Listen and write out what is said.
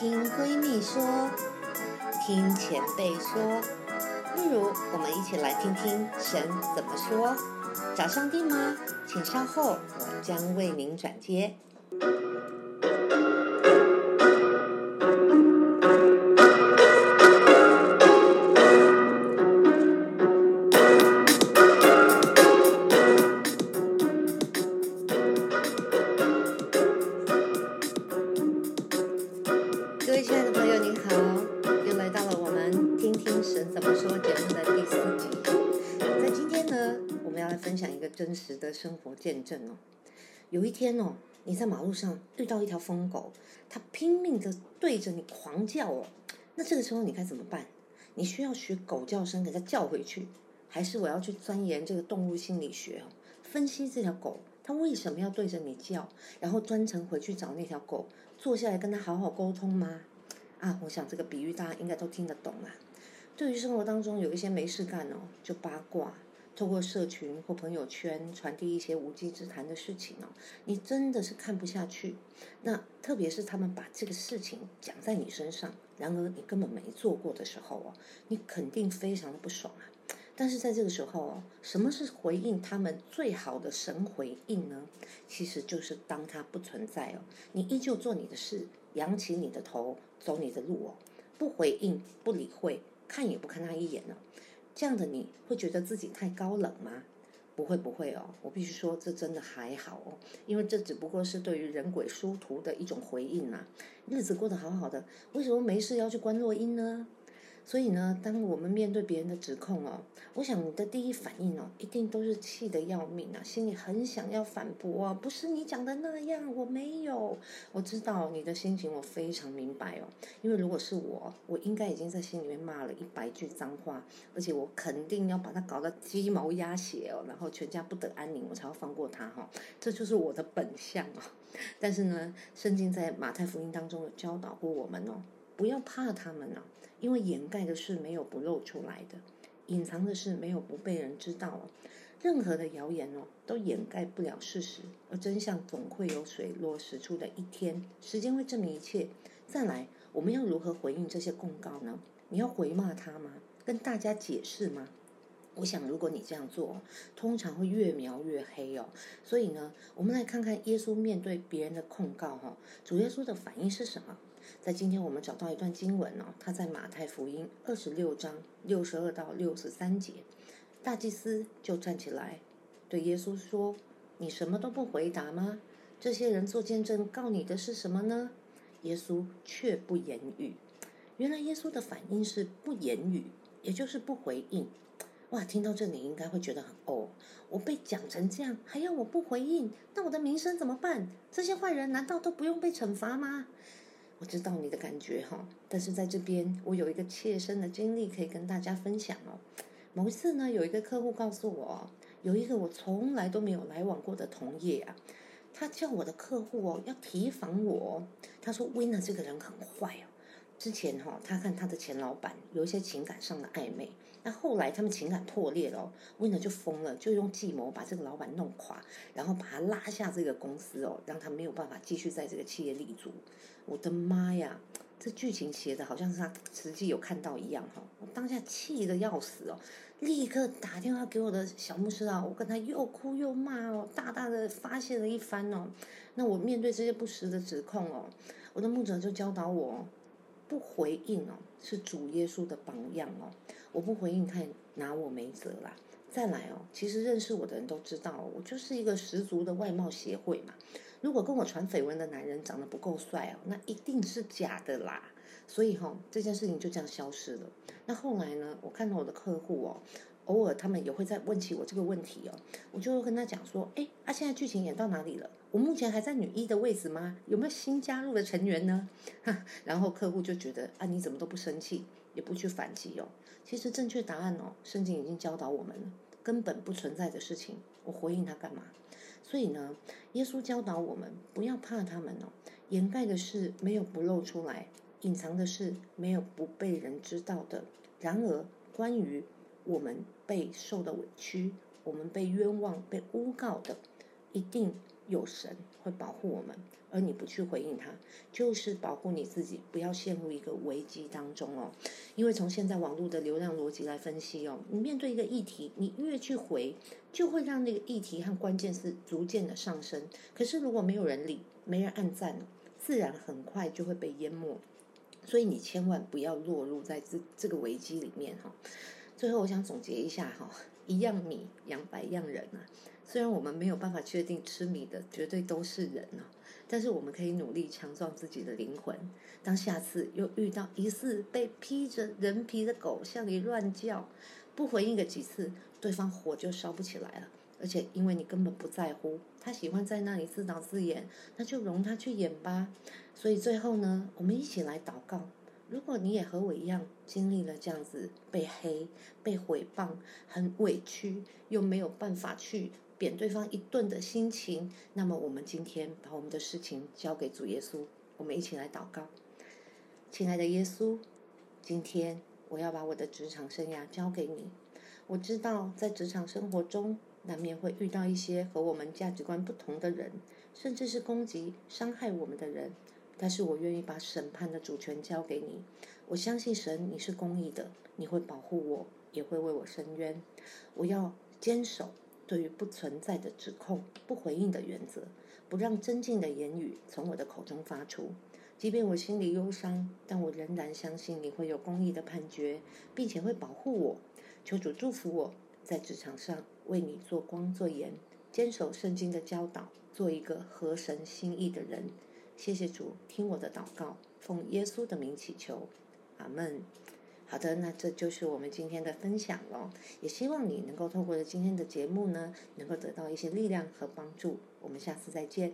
聽閨蜜說，聽前輩說，不如我們一起來聽聽神怎麼說。找上帝嗎？請稍後，我將為您轉接。分享一個真實的生活見證哦。有一天哦，你在馬路上遇到一條瘋狗，它拼命地對着你狂叫哦。那這個時候你該怎麼辦？你需要學狗叫聲給它叫回去，還是我要去鑽研這個動物心理學哦，分析這條狗它為什麼要對着你叫，然後專程回去找那條狗坐下來跟它好好溝通嗎？啊，我想這個比喻大家應該都聽得懂啊。對於生活當中有一些沒事幹哦，就八卦。透過社群或朋友圈傳遞一些無稽之談的事情哦，你真的是看不下去。那特別是他們把這個事情講在你身上，然而你根本沒做過的時候哦，你肯定非常的不爽啊。但是在這個時候哦，什麼是回應他們最好的神回應呢？其實就是當他不存在哦，你依舊做你的事，揚起你的頭，走你的路哦，不回應，不理會，看也不看他一眼哦。這樣的你會覺得自己太高冷嗎？不會，不會哦。我必須說，這真的還好哦，因為這只不過是對於人鬼殊途的一種回應吶、啊。日子過得好好的，為什麼沒事要去觀落陰呢？所以呢，當我們面對別人的指控哦，我想你的第一反應哦，一定都是氣得要命啊，心裡很想要反駁啊，不是你講的那樣，我沒有，我知道你的心情，我非常明白哦。因為如果是我，我應該已經在心裡面罵了一百句髒話，而且我肯定要把它搞得雞毛鴨血哦，然後全家不得安寧，我才會放過他哈、哦。這就是我的本相哦。但是呢，聖經在馬太福音當中有教導過我們哦，不要怕他們哦、啊。因為掩蓋的事沒有不露出來的，隱藏的事沒有不被人知道、哦、任何的謠言哦都掩蓋不了事實，而真相總會有水落石出的一天，時間會證明一切。再來，我們要如何回應這些控告呢？你要回罵他嗎？跟大家解釋嗎？我想，如果你這樣做，通常會越描越黑哦。所以呢，我們來看看耶穌面對別人的控告哈、哦，主耶穌的反應是什麼？在今天我們找到一段經文哦，他在馬太福音二十六章六十二到六十三節。大祭司就站起來對耶穌說：“你什麼都不回答嗎？這些人做見證告你的是什麼呢？”耶穌卻不言語。原來耶穌的反應是不言語，也就是不回應。哇，聽到這你應該會覺得很哦，我被講成這樣，還要我不回應，那我的名聲怎麼辦？這些壞人難道都不用被懲罰嗎？我知道你的感覺哈，但是在這邊我有一個切身的經歷可以跟大家分享哦。某一次呢，有一個客戶告訴我，有一個我從來都沒有來往過的同業啊，他叫我的客戶哦要提防我，他說 Winner 這個人很壞哦。之前哈、哦，他和他的前老闆有一些情感上的曖昧，那後來他們情感破裂了、哦，溫了就瘋了，就用計謀把這個老闆弄垮，然後把他拉下這個公司哦，讓他沒有辦法繼續在這個企業立足。我的媽呀，這劇情寫的好像是他實際有看到一樣哈、哦！我當下氣得要死哦，立刻打電話給我的小牧師啊、哦，我跟他又哭又罵哦，大大的發洩了一番哦。那我面對這些不實的指控哦，我的牧者就教導我。不回應哦，是主耶穌的榜樣哦。我不回應，他也拿我沒轍啦。再來哦，其實認識我的人都知道、哦，我就是一個十足的外貌協會嘛。如果跟我傳緋聞的男人長得不夠帥哦，那一定是假的啦。所以哈、哦，這件事情就這樣消失了。那後來呢？我看到我的客戶哦，偶爾他們也會再問起我這個問題哦，我就會跟他講說：“哎啊，現在劇情演到哪裡了？我目前還在女一的位置嗎？有沒有新加入的成員呢？”然後客戶就覺得：“啊，你怎麼都不生氣，也不去反擊哦？”其實正確答案哦，聖經已經教導我們了，根本不存在的事情，我回應他幹嘛？所以呢，耶穌教導我們不要怕他們哦。掩蓋的事沒有不露出來，隱藏的事沒有不被人知道的。然而關於我們被受的委屈，我們被冤枉、被誣告的，一定有神會保護我們。而你不去回應他，就是保護你自己，不要陷入一個危機當中哦。因為從現在網絡的流量邏輯來分析哦，你面對一個議題，你越去回，就會讓那個議題和關鍵字逐漸的上升。可是如果沒有人理，沒人按讚，自然很快就會被淹沒。所以你千萬不要落入在這這個危機裡面哈。最後，我想總結一下哈，一樣米養百樣人啊。雖然我們沒有辦法確定吃米的絕對都是人啊，但是我們可以努力強壯自己的靈魂。當下次又遇到疑似被披着人皮的狗向你亂叫，不回應個幾次，對方火就燒不起來了。而且因為你根本不在乎，他喜歡在那裡自導自演，那就容他去演吧。所以最後呢，我們一起來禱告。如果你也和我一樣經歷了這樣子被黑、被誹謗、很委屈，又沒有辦法去扁對方一頓的心情，那麼我們今天把我們的事情交給主耶穌，我們一起來禱告。親愛的耶穌，今天我要把我的職場生涯交給你。我知道在職場生活中，難免會遇到一些和我們價值觀不同的人，甚至是攻擊、傷害我們的人。但是我願意把審判的主權交給你。我相信神，你是公義的，你會保護我，也會為我伸冤。我要堅守對於不存在的指控不回應的原則，不讓真正的言語從我的口中發出。即便我心裡憂傷，但我仍然相信你會有公義的判決，並且會保護我。求主祝福我在職場上為你做光做鹽，堅守聖經的教導，做一個合神心意的人。謝謝主聽我的禱告，奉耶穌的名祈求，阿門。好的，那這就是我們今天的分享了，也希望你能夠通過今天的節目呢，能夠得到一些力量和幫助。我們下次再見。